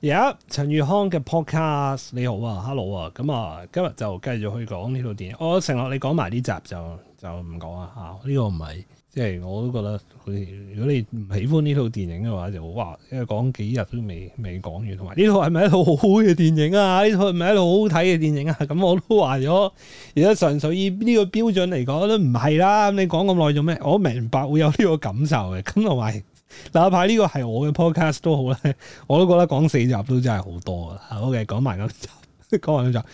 有陳宇康嘅 podcast，你好啊，hello 啊，咁啊，今日就繼續去講呢套電影。我承諾你講埋呢集就就唔講啦。啊，呢、這個唔係，即係我都覺得，佢如果你唔喜歡呢套電影嘅話，就好哇，因為講幾日都未未講完，同埋呢套係咪一套好好嘅電影啊？呢套係咪一套好好睇嘅電影啊？咁 我都話咗，而家純粹以呢個標準嚟講都唔係啦。咁你講咁耐做咩？我明白會有呢個感受嘅，咁同埋。嗱，阿排呢個係我嘅 podcast 都好咧，我都覺得講四集都真係好多啊。OK，講埋嗰集，講埋嗰集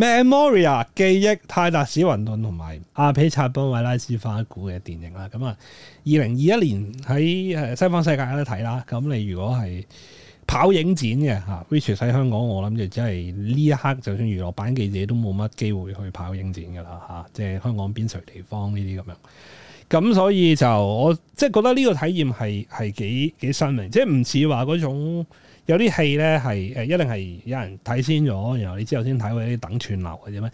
《Memoria》記憶泰達史雲頓同埋阿彼察邦韋拉斯花古嘅電影啦。咁啊，二零二一年喺誒西方世界有得睇啦。咁你如果係跑影展嘅吓，which 喺香港，我諗就真係呢一刻，就算娛樂版記者都冇乜機會去跑影展噶啦吓，即係香港邊陲地方呢啲咁樣。咁所以就我即係覺得呢個體驗係係幾幾新穎，即係唔似話嗰種有啲戲咧係誒一定係有人睇先咗，然後你之後先睇，或者等串流嘅啫咩？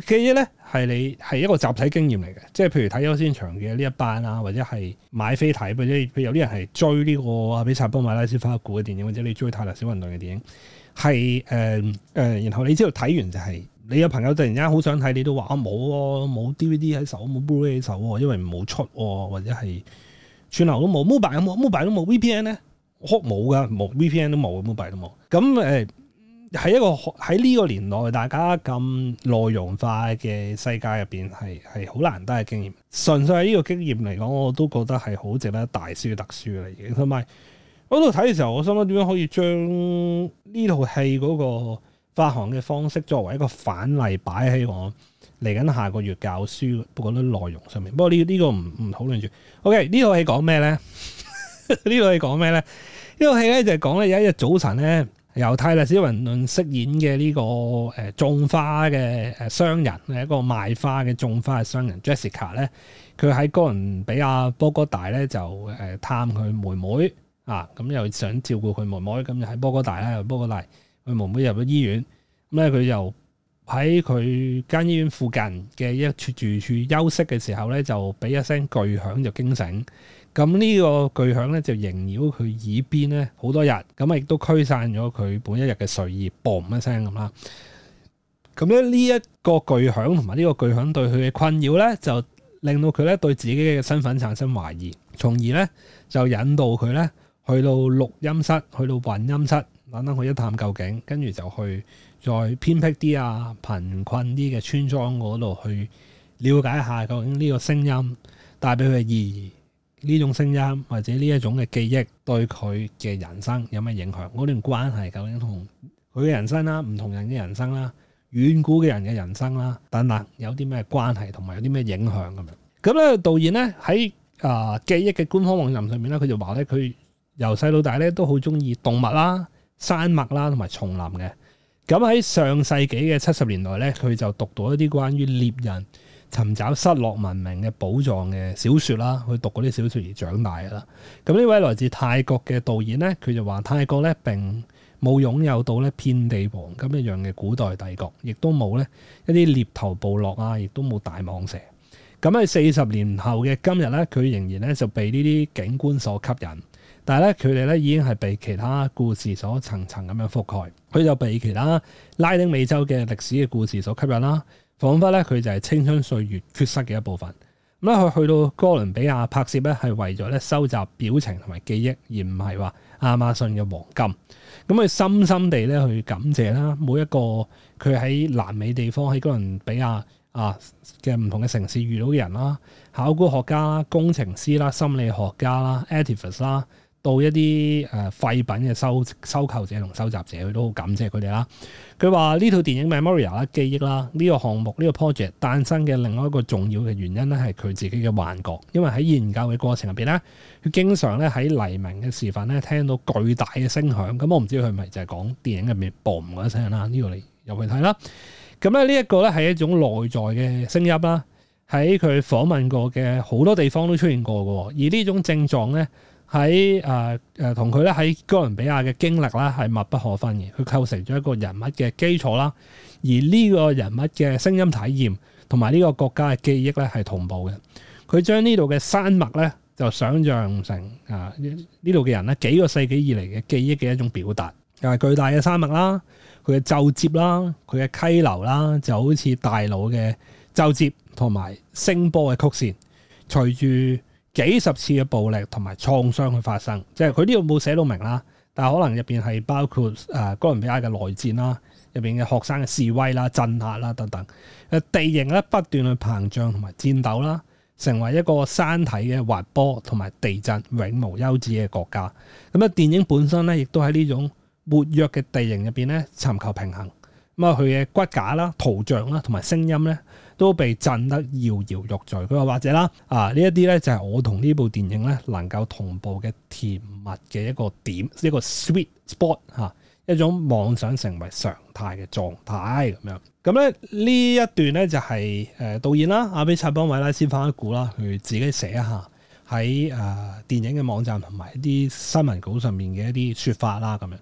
記憶咧係你係一個集體經驗嚟嘅，即係譬如睇優先場嘅呢一班啊，或者係買飛睇，或者譬如有啲人係追呢、這個《阿彼察邦韋拉斯花古》嘅電影，或者你追《泰達史雲頓》嘅電影，係誒誒，然後你知道睇完就係、是、你有朋友突然間好想睇，你都話我冇冇 DVD 喺手，冇 Blu-ray 喺手，因為冇出喎、哦，或者係串流都冇，mobile 都冇，mobile 都冇 VPN 呢？哭冇噶，冇 VPN 都冇，mobile 都冇，咁誒。喺一個喺呢個年代，大家咁內容化嘅世界入邊，係係好難得嘅經驗。純粹係呢個經驗嚟講，我都覺得係好值得大書特書嚟嘅。同埋我喺度睇嘅時候，我想諗點樣可以將呢套戲嗰個發行嘅方式作為一個反例擺喺我嚟緊下,下個月教書，包括啲內容上面。不過不不不 okay, 呢 呢個唔唔討論住。O K，呢套戲講咩咧？呢套戲講咩咧？呢套戲咧就係講咧有一日早晨咧。由泰達史雲頓飾演嘅呢個誒種花嘅誒商人，係一個賣花嘅種花嘅商人 Jessica 咧，佢喺哥倫比亞波哥大咧就誒探佢妹妹啊，咁又想照顧佢妹妹，咁就喺波哥大咧，又波哥大佢妹妹入咗醫院，咁咧佢又喺佢間醫院附近嘅一處住處休息嘅時候咧，就俾一聲巨響就驚醒。咁呢個巨響咧，就縈繞佢耳邊咧好多日，咁啊亦都驅散咗佢本一日嘅睡意，boom 嘅聲咁啦。咁咧呢一個巨響同埋呢個巨響對佢嘅困擾咧，就令到佢咧對自己嘅身份產生懷疑，從而咧就引導佢咧去到錄音室，去到混音室，等等去一探究竟，跟住就去再偏僻啲啊、貧困啲嘅村莊嗰度去了解下究竟呢個聲音帶俾佢嘅意義。呢種聲音或者呢一種嘅記憶對佢嘅人生有咩影響？嗰段關係究竟同佢嘅人生啦、唔同人嘅人生啦、遠古嘅人嘅人生啦等等，有啲咩關係同埋有啲咩影響咁樣？咁、嗯、咧導演咧喺啊記憶嘅官方網站上面咧，佢就話咧佢由細到大咧都好中意動物啦、山脈啦同埋叢林嘅。咁、嗯、喺上世紀嘅七十年代咧，佢就讀到一啲關於獵人、尋找失落文明嘅寶藏嘅小說啦，去讀嗰啲小說而長大嘅啦。咁呢位來自泰國嘅導演呢，佢就話泰國呢並冇擁有到呢遍地黃金一樣嘅古代帝國，亦都冇呢一啲獵頭部落啊，亦都冇大蟒蛇。咁喺四十年後嘅今日呢，佢仍然呢就被呢啲景觀所吸引，但係呢，佢哋呢已經係被其他故事所層層咁樣覆蓋。佢就被其他拉丁美洲嘅歷史嘅故事所吸引啦。講返咧佢就係青春歲月缺失嘅一部分。咁咧佢去到哥倫比亞拍攝咧，係為咗咧收集表情同埋記憶，而唔係話亞馬遜嘅黃金。咁、嗯、佢深深地咧去感謝啦，每一個佢喺南美地方喺哥倫比亞啊嘅唔同嘅城市遇到嘅人啦、考古學家啦、工程師啦、心理學家啦、atifus 啦。到一啲誒、呃、廢品嘅收收購者同收集者，佢都好感謝佢哋啦。佢話呢套電影《Memoria》啦，記憶啦，呢、這個項目呢、這個 project 誕生嘅另外一個重要嘅原因咧，係佢自己嘅幻覺，因為喺研究嘅過程入邊咧，佢經常咧喺黎明嘅時分咧聽到巨大嘅聲響。咁、嗯、我唔知佢係咪就係講電影入面 boom 嗰聲啦？呢、嗯這個你入去睇啦。咁咧呢一個咧係一種內在嘅聲音啦，喺佢訪問過嘅好多地方都出現過嘅。而呢種症狀咧。喺誒誒同佢咧喺哥倫比亞嘅經歷咧係密不可分嘅，佢構成咗一個人物嘅基礎啦。而呢個人物嘅聲音體驗同埋呢個國家嘅記憶咧係同步嘅。佢將呢度嘅山脈咧就想像成啊呢度嘅人咧幾個世紀以嚟嘅記憶嘅一種表達，又係巨大嘅山脈啦，佢嘅皺褶啦，佢嘅溪流啦就好似大腦嘅皺褶同埋聲波嘅曲線，隨住幾十次嘅暴力同埋創傷去發生，即係佢呢度冇寫到明啦，但係可能入邊係包括誒哥倫比亞嘅內戰啦，入邊嘅學生嘅示威啦、鎮壓啦等等，誒地形咧不斷去膨脹同埋戰鬥啦，成為一個山體嘅滑坡同埋地震永無休止嘅國家。咁啊，電影本身咧亦都喺呢種活躍嘅地形入邊咧尋求平衡。咁啊，佢嘅骨架啦、圖像啦同埋聲音咧，都被震得搖搖欲墜。佢又或者啦，啊呢一啲咧就係我同呢部電影咧能夠同步嘅甜蜜嘅一個點，一個 sweet spot 嚇、啊，一種妄想成為常態嘅狀態咁樣。咁咧呢一段咧就係、是、誒、呃、導演啦，阿彼察邦韋拉斯花古啦，佢自己寫一下喺誒、呃、電影嘅網站同埋一啲新聞稿上面嘅一啲説法啦咁樣。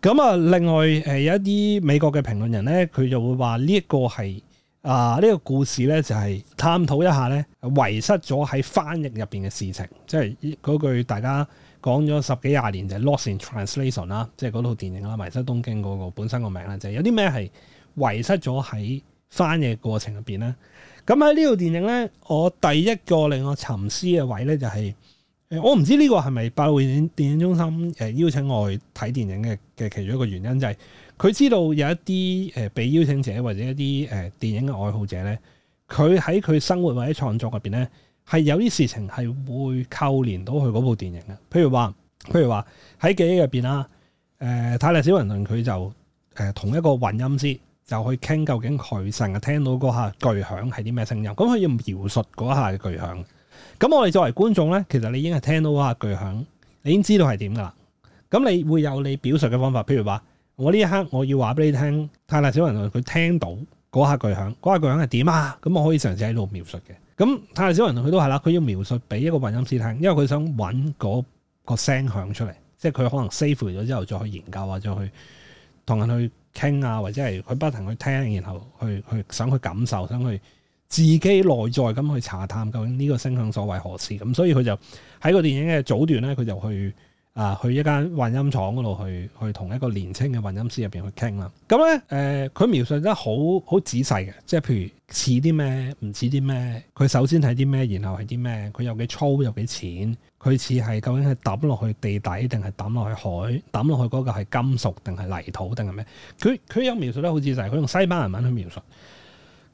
咁啊，另外誒有、呃、一啲美國嘅評論人咧，佢就會話呢一個係。啊！呢、這個故事咧就係、是、探討一下咧遺失咗喺翻譯入邊嘅事情，即係嗰句大家講咗十幾廿年就係、是、Lost in Translation 啦，即係嗰套電影啦，啊《迷失東京》嗰個本身個名啦，就係、是、有啲咩係遺失咗喺翻譯過程入邊咧。咁喺呢套電影咧，我第一個令我沉思嘅位咧就係、是呃，我唔知呢個係咪百老匯電影中心誒、呃、邀請我去睇電影嘅嘅其中一個原因就係、是。佢知道有一啲誒被邀請者或者一啲誒電影嘅愛好者咧，佢喺佢生活或者創作入邊咧，係有啲事情係會扣連到佢嗰部電影嘅。譬如話，譬如話喺記憶入邊啦，誒、呃泰達史雲頓呃，佢就誒同一個混音師就去傾究竟佢成日聽到嗰下巨響係啲咩聲音。咁、嗯、佢要描述嗰一下巨響。咁我哋作為觀眾咧，其實你已經係聽到嗰下巨響，你已經知道係點噶啦。咁你會有你表述嘅方法，譬如話。我呢一刻我要話俾你聽，泰達史雲頓佢聽到嗰下巨響，嗰下巨響係點啊？咁我可以嘗試喺度描述嘅。咁泰達史雲頓佢都係啦，佢要描述俾一個混音師聽，因為佢想揾嗰個聲響出嚟，即係佢可能 save 完咗之後再去研究啊，再去同人去傾啊，或者係佢不停去聽，然後去去想去感受，想去自己內在咁去查探究竟呢個聲響所為何事。咁所以佢就喺個電影嘅早段呢，佢就去。啊！去一間混音廠嗰度去去同一個年青嘅混音師入邊去傾啦。咁咧誒，佢、呃、描述得好好仔細嘅，即係譬如似啲咩，唔似啲咩。佢首先睇啲咩，然後係啲咩。佢有幾粗，有幾淺。佢似係究竟係抌落去地底，定係抌落去海？抌落去嗰個係金屬，定係泥土，定係咩？佢佢有描述得好仔細，佢用西班牙文去描述。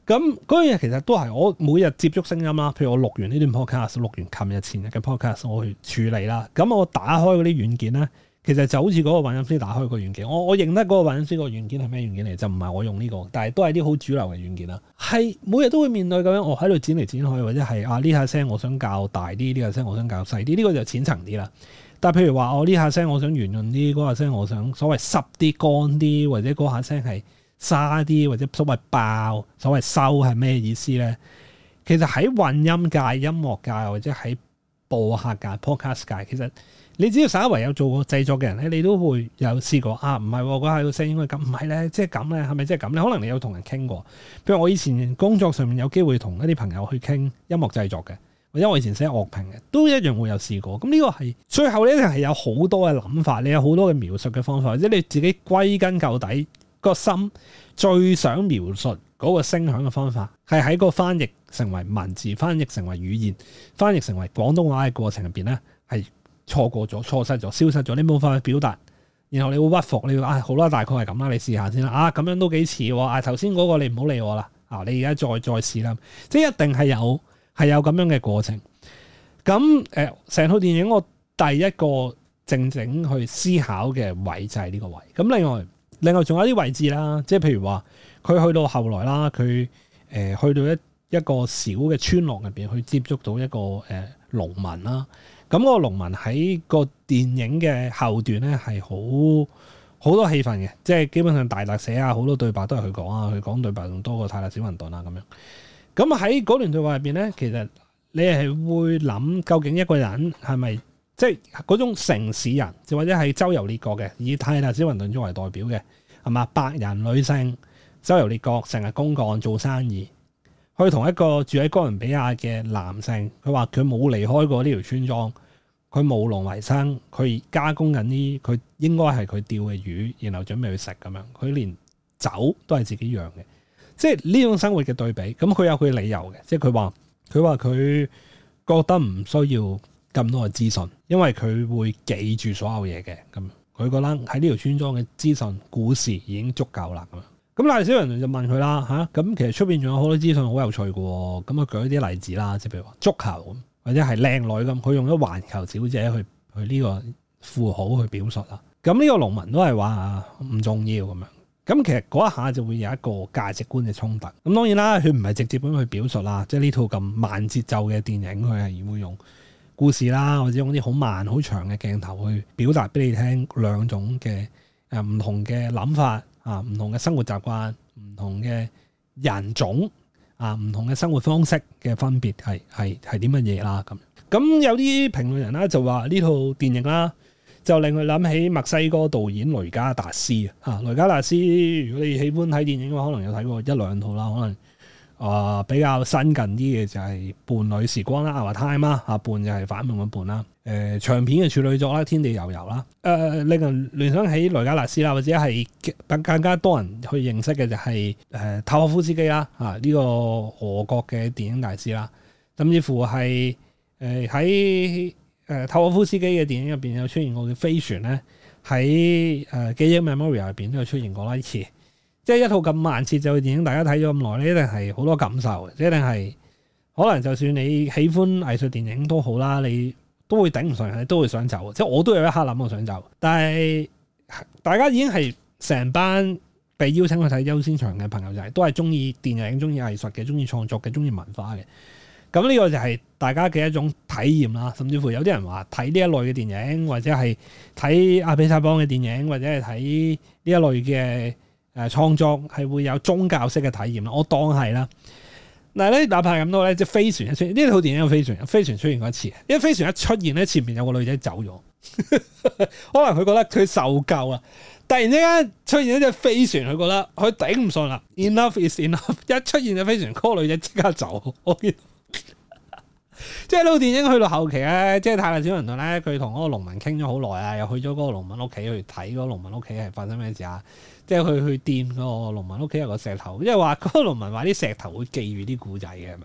咁嗰樣嘢其實都係我每日接觸聲音啦，譬如我錄完呢段 podcast，錄完琴日前日嘅 podcast，我去處理啦。咁我打開嗰啲軟件呢，其實就好似嗰個混音師打開個軟件，我我認得嗰個混音師個軟件係咩軟件嚟，就唔係我用呢個，但係都係啲好主流嘅軟件啦。係每日都會面對咁樣，我喺度剪嚟剪去，或者係啊，呢下聲我想較大啲，呢下聲我想較細啲，呢個就淺層啲啦。但係譬如話我呢下聲我想圓潤啲，嗰下聲我想所謂濕啲乾啲，或者嗰下聲係。沙啲或者所謂爆、所謂收係咩意思呢？其實喺混音界、音樂界或者喺播客界、Podcast 界，其實你只要稍為有做過製作嘅人咧，你都會有試過啊！唔係嗰下個聲應該咁，唔係呢，即係咁呢，係咪即係咁咧？可能你有同人傾過。譬如我以前工作上面有機會同一啲朋友去傾音樂製作嘅，或者我以前寫樂評嘅，都一樣會有試過。咁呢個係最後咧係有好多嘅諗法，你有好多嘅描述嘅方法，或者你自己歸根究底。個心最想描述嗰個聲響嘅方法，係喺個翻譯成為文字、翻譯成為語言、翻譯成為廣東話嘅過程入邊咧，係錯過咗、錯失咗、消失咗。你冇法去表達，然後你會屈服，你話、哎、好啦，大概係咁啦，你試下先啦。啊，咁樣都幾似啊！頭先嗰個你唔好理我啦，啊，你而家再再試啦，即係一定係有係有咁樣嘅過程。咁誒，成套電影我第一個正正去思考嘅位就係呢個位。咁另外。另外仲有啲位置啦，即係譬如話佢去到後來啦，佢誒、呃、去到一一個小嘅村落入邊去接觸到一個誒、呃、農民啦、啊。咁、嗯，那個農民喺個電影嘅後段咧，係好好多戲份嘅，即係基本上大特寫啊，好多對白都係佢講啊，佢講對白仲多過泰勒小雲頓啊咁樣。咁喺嗰段對話入邊咧，其實你係會諗究竟一個人係咪？即係嗰種城市人，或者係周遊列國嘅，以泰達史雲頓作為代表嘅，係嘛？白人女性周遊列國，成日公幹做生意，佢同一個住喺哥倫比亞嘅男性，佢話佢冇離開過呢條村莊，佢冇農為生，佢加工緊呢，佢應該係佢釣嘅魚，然後準備去食咁樣，佢連酒都係自己釀嘅，即係呢種生活嘅對比。咁佢有佢理由嘅，即係佢話佢話佢覺得唔需要。咁多嘅資訊，因為佢會記住所有嘢嘅，咁佢覺得喺呢條村莊嘅資訊股市已經足夠啦，咁樣。咁賴小云就問佢啦嚇，咁、啊、其實出邊仲有好多資訊好有趣嘅，咁佢舉啲例子啦，即係譬如話足球，或者係靚女咁，佢用咗環球小姐去去呢個富豪去表述啦。咁呢個農民都係話唔重要咁樣，咁其實嗰一下就會有一個價值觀嘅衝突。咁當然啦，佢唔係直接咁去表述啦，即係呢套咁慢節奏嘅電影，佢係會用。故事啦，或者用啲好慢、好長嘅鏡頭去表達俾你聽兩種嘅誒唔同嘅諗法啊，唔同嘅生活習慣，唔同嘅人種，啊，唔同嘅生活方式嘅分別，係係係啲乜嘢啦咁？咁、啊、有啲評論人啦就話呢套電影啦，就令佢諗起墨西哥導演雷加達斯啊，雷加達斯如果你喜歡睇電影嘅話，可能有睇過一兩套啦，可能。啊、呃，比較新近啲嘅就係《伴侶時光》啦 Our Time,、啊，《Our Time》嘛，啊伴就係反面嘅伴啦。誒、呃、長片嘅處女作啦，《天地悠悠》啦、呃。誒令人聯想起雷加達斯啦，或者係更更加多人去認識嘅就係誒塔可夫斯基啦，啊呢、這個俄國嘅電影大師啦。甚至乎係誒喺誒塔可夫斯基嘅電影入邊有出現過嘅飛船咧，喺《誒記憶 memory》入邊都有出現過啦，呢次。即係一套咁慢節奏嘅電影，大家睇咗咁耐，你一定係好多感受嘅，一定係可能就算你喜歡藝術電影都好啦，你都會頂唔順，你都會想走。即係我都有一刻諗過想走，但係大家已經係成班被邀請去睇優先場嘅朋友就係都係中意電影、中意藝術嘅、中意創作嘅、中意文化嘅。咁呢個就係大家嘅一種體驗啦。甚至乎有啲人話睇呢一類嘅電影，或者係睇阿彼察邦嘅電影，或者係睇呢一類嘅。誒，創作係會有宗教式嘅體驗啦，我當係啦。嗱，咧哪怕咁多咧，即係飛船一出現呢套電影有飛船，飛船出現過一次。因為飛船一出現咧，前面有個女仔走咗， 可能佢覺得佢受夠啦。突然之間出現一隻飛船，佢覺得佢頂唔順啦。 Enough is enough，一出現隻飛船嗰個女仔即刻走，我見。即係呢個電影去到後期咧，即係泰達史雲頓咧，佢同嗰個農民傾咗好耐啊，又去咗嗰個農民屋企去睇嗰農民屋企係發生咩事啊？即係去去掂嗰個農民屋企有個石頭，因為話嗰個農民話啲石頭會記住啲古仔嘅，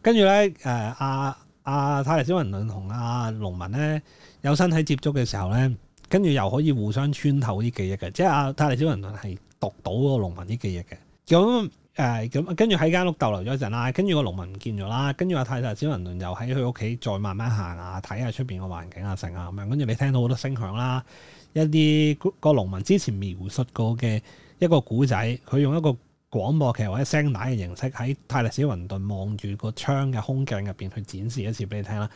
跟住咧誒，阿阿泰達史雲頓同阿農民咧有身體接觸嘅時候咧，跟住又可以互相穿透啲記憶嘅，即係阿泰達史雲頓係讀到嗰個農民啲記憶嘅，咁。誒咁，嗯，跟住喺間屋逗留咗一陣啦，跟住個農民唔見咗啦，跟住阿泰達史雲頓又喺佢屋企再慢慢行下，啊，睇下出邊個環境啊，成啊咁樣，跟住你聽到好多聲響啦，一啲個農民之前描述過嘅一個古仔，佢用一個廣播劇或者聲帶嘅形式喺泰達史雲頓望住個窗嘅空鏡入邊去展示一次俾你聽啦，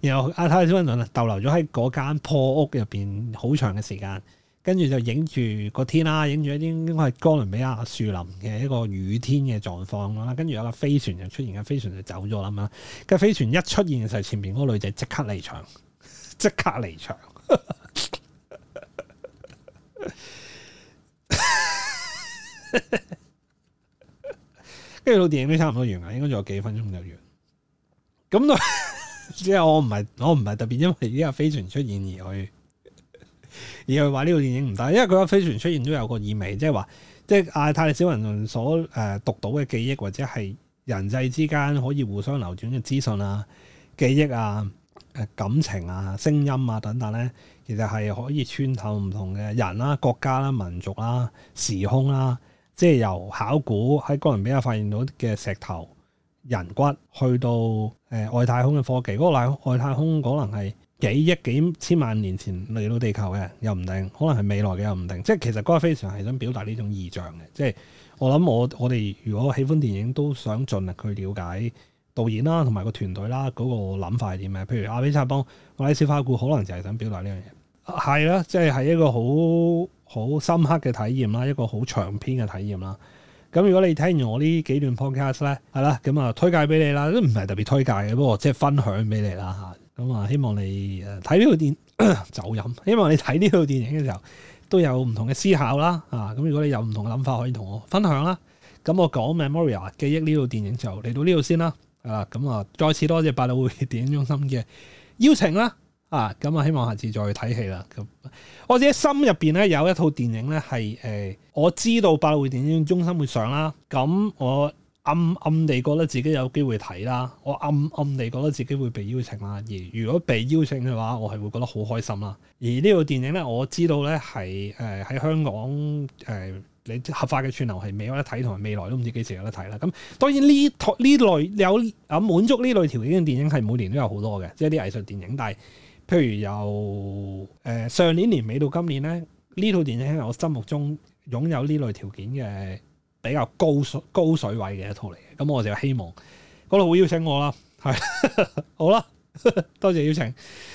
然後阿泰達史雲頓逗留咗喺嗰間破屋入邊好長嘅時間。跟住就影住個天啦，影住一啲應該係哥倫比亞樹林嘅一個雨天嘅狀況啦。跟住有架飛船就出現，架飛船就走咗啦嘛。架飛船一出現嘅時候，前面嗰個女仔即刻離場，即刻離場。跟住套電影都差唔多完啦，應該仲有幾分鐘就完。咁都即係我唔係我唔係特別因為呢架飛船出現而去。而係話呢套電影唔大，因為佢個飛船出現都有個意味，即係話，即係泰達史雲頓所誒讀到嘅記憶或者係人際之間可以互相流轉嘅資訊啊、記憶啊、誒感情啊、聲音啊等等咧，其實係可以穿透唔同嘅人啦、啊、國家啦、啊、民族啦、啊、時空啦、啊，即係由考古喺哥倫比亞發現到嘅石頭人骨，去到誒外太空嘅科技，嗰、那個外外太空可能係，幾億幾千萬年前嚟到地球嘅，又唔定，可能係未來嘅，又唔定。即係其實嗰個非常係想表達呢種意象嘅。即係我諗我我哋如果喜歡電影，都想盡力去了解導演啦，同埋個團隊啦，嗰個諗法係點嘅。譬如阿彼察邦，我喺《小花姑》可能就係想表達呢樣嘢。係、啊、啦，即係係一個好好深刻嘅體驗啦，一個好長篇嘅體驗啦。咁如果你聽完我呢幾段 podcast 咧，係啦，咁啊，推介俾你啦，都唔係特別推介嘅，不過即係分享俾你啦吓。咁啊，希望你誒睇呢套電影酒飲。希望你睇呢套電影嘅時候都有唔同嘅思考啦。啊，咁如果你有唔同嘅諗法，可以同我分享啦。咁我講 Memoria 記憶呢套電影就嚟到呢度先啦。啊，咁啊，再次多謝百老匯電影中心嘅邀請啦。啊，咁啊，希望下次再睇戲啦。咁、啊、我自己心入邊咧有一套電影咧係誒我知道百老匯電影中心會上啦。咁我。暗暗地覺得自己有機會睇啦，我暗暗地覺得自己會被邀請啦。而如果被邀請嘅話，我係會覺得好開心啦。而呢套電影呢，我知道呢係誒喺香港誒、呃，你合法嘅串流係未有得睇，同埋未來都唔知幾時有得睇啦。咁當然呢套呢類有啊滿足呢類條件嘅電影係每年都有好多嘅，即係啲藝術電影。但係譬如由、呃、上年年尾到今年呢，呢套電影係我心目中擁有呢類條件嘅比較高水高水位嘅一套嚟嘅，咁我就希望嗰度會邀請我啦，係 好啦，多謝邀請，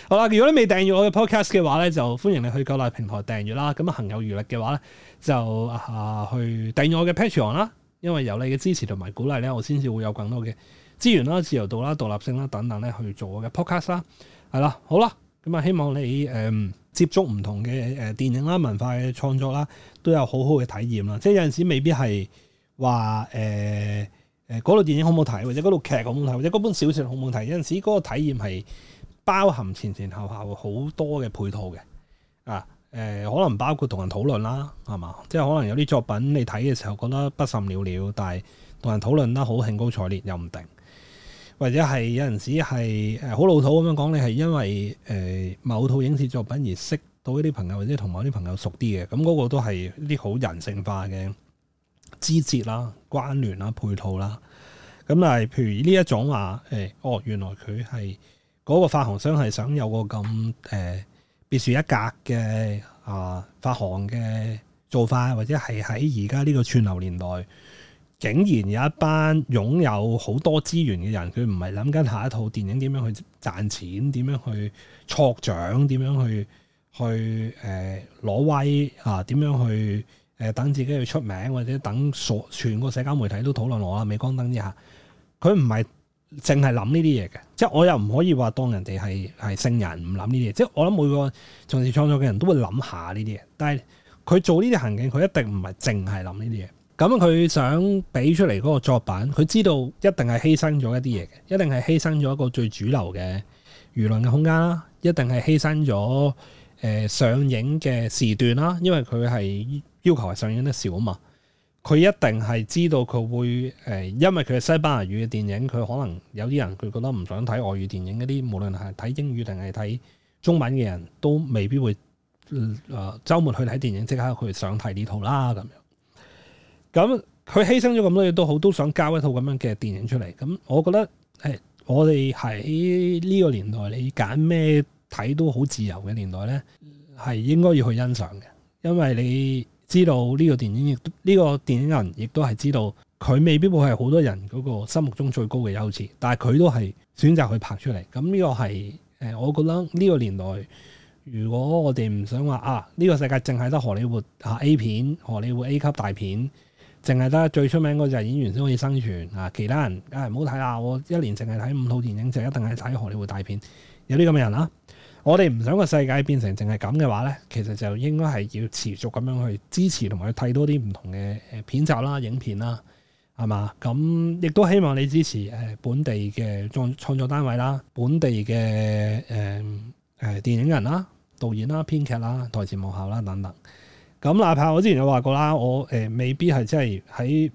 好啦，如果你未訂閱我嘅 podcast 嘅話咧，就歡迎你去各大平台訂閱啦，咁、嗯、啊，行有餘力嘅話咧，就啊去訂閱我嘅 Patreon 啦，因為有你嘅支持同埋鼓勵咧，我先至會有更多嘅資源啦、自由度啦、獨立性啦等等咧去做我嘅 podcast 啦，係啦，好啦，咁、嗯、啊，希望你誒。嗯接觸唔同嘅誒電影啦、文化嘅創作啦，都有好好嘅體驗啦。即係有陣時未必係話誒誒嗰套電影好唔好睇，或者嗰套劇好唔好睇，或者嗰本小説好唔好睇。有陣時嗰個體驗係包含前前後後好多嘅配套嘅。啊誒、呃，可能包括同人討論啦，係嘛？即係可能有啲作品你睇嘅時候覺得不甚了了，但係同人討論得好興高采烈又唔定。或者係有陣時係誒好老土咁樣講，你係因為誒某套影視作品而識到一啲朋友，或者同某啲朋友熟啲嘅，咁嗰個都係啲好人性化嘅枝節啦、關聯啦、配套啦。咁但係，譬如呢一種話誒、哎，哦，原來佢係嗰個發行商係想有個咁誒、呃、別樹一格嘅啊發行嘅做法，或者係喺而家呢個串流年代。竟然有一班擁有好多資源嘅人，佢唔係諗緊下一套電影點樣去賺錢，點樣去錯獎，點樣去去誒攞威啊，點、啊、樣去誒、呃、等自己去出名，或者等所全個社交媒體都討論我啊！鎂光燈之下，佢唔係淨係諗呢啲嘢嘅，即係我又唔可以話當人哋係係聖人唔諗呢啲嘢，即係我諗每個從事創作嘅人都會諗下呢啲嘢，但係佢做呢啲行徑，佢一定唔係淨係諗呢啲嘢。咁佢想俾出嚟嗰個作品，佢知道一定係犧牲咗一啲嘢嘅，一定係犧牲咗一個最主流嘅輿論嘅空間啦，一定係犧牲咗誒、呃、上映嘅時段啦，因為佢係要求係上映得少啊嘛，佢一定係知道佢會誒、呃，因為佢係西班牙語嘅電影，佢可能有啲人佢覺得唔想睇外語電影嗰啲，無論係睇英語定係睇中文嘅人都未必會誒、呃、周末去睇電影，即刻佢想睇呢套啦咁咁佢犧牲咗咁多嘢都好，都想交一套咁樣嘅電影出嚟。咁我覺得，誒、哎，我哋喺呢個年代，你揀咩睇都好自由嘅年代呢，係應該要去欣賞嘅，因為你知道呢個電影亦，呢、這個電影人亦都係知道佢未必會係好多人嗰個心目中最高嘅優次。但係佢都係選擇去拍出嚟。咁呢個係誒，我覺得呢個年代，如果我哋唔想話啊，呢、這個世界淨係得荷里活啊 A 片、荷里活 A 級大片。淨係得最出名嗰隻演員先可以生存啊！其他人梗係唔好睇啦，我一年淨係睇五套電影，就一定係睇荷里活大片。有呢咁嘅人啦，啊，我哋唔想個世界變成淨係咁嘅話呢，其實就應該係要持續咁樣去支持同埋去睇多啲唔同嘅片集啦、影片啦，係嘛？咁亦都希望你支持誒本地嘅創創作單位啦、本地嘅誒誒電影人啦、導演啦、編劇啦、台前幕後啦等等。咁哪怕我之前有話過啦，我誒未必係真係喺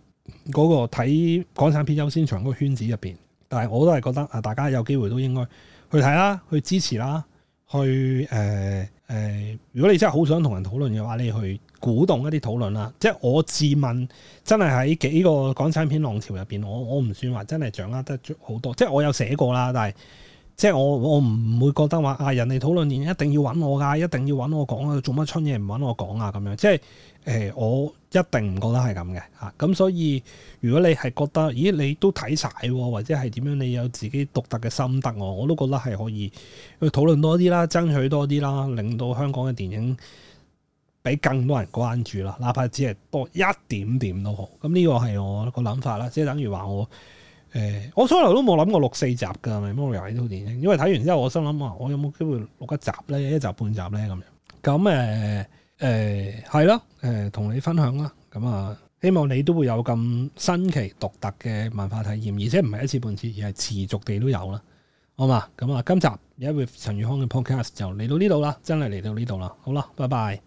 嗰個睇港產片優先場嗰個圈子入邊，但係我都係覺得啊，大家有機會都應該去睇啦，去支持啦，去誒誒、呃呃，如果你真係好想同人討論嘅話，你去鼓動一啲討論啦。即係我自問真係喺幾個港產片浪潮入邊，我我唔算話真係掌握得好多，即係我有寫過啦，但係。即係我我唔會覺得話啊人哋討論電影一定要揾我㗎，一定要揾我講啊，做乜春嘢唔揾我講啊咁樣？即係誒、呃，我一定唔覺得係咁嘅嚇。咁、啊、所以如果你係覺得咦，你都睇晒喎，或者係點樣，你有自己獨特嘅心得我、哦、我都覺得係可以去討論多啲啦，爭取多啲啦，令到香港嘅電影俾更多人關注啦，哪怕只係多一點點都好。咁呢個係我個諗法啦，即係等於話我。誒、欸，我初頭都冇諗過錄四集㗎，《Memoria》呢套電影，因為睇完之後我心諗啊，我有冇機會錄一集咧，一集半集咧咁樣？咁誒誒，係、欸、咯，誒、欸、同你分享啦。咁啊，希望你都會有咁新奇獨特嘅文化體驗，而且唔係一次半次，而係持續地都有啦。好嘛，咁啊，今集 with 陳宇康嘅 podcast 就嚟到呢度啦，真係嚟到呢度啦。好啦，拜拜。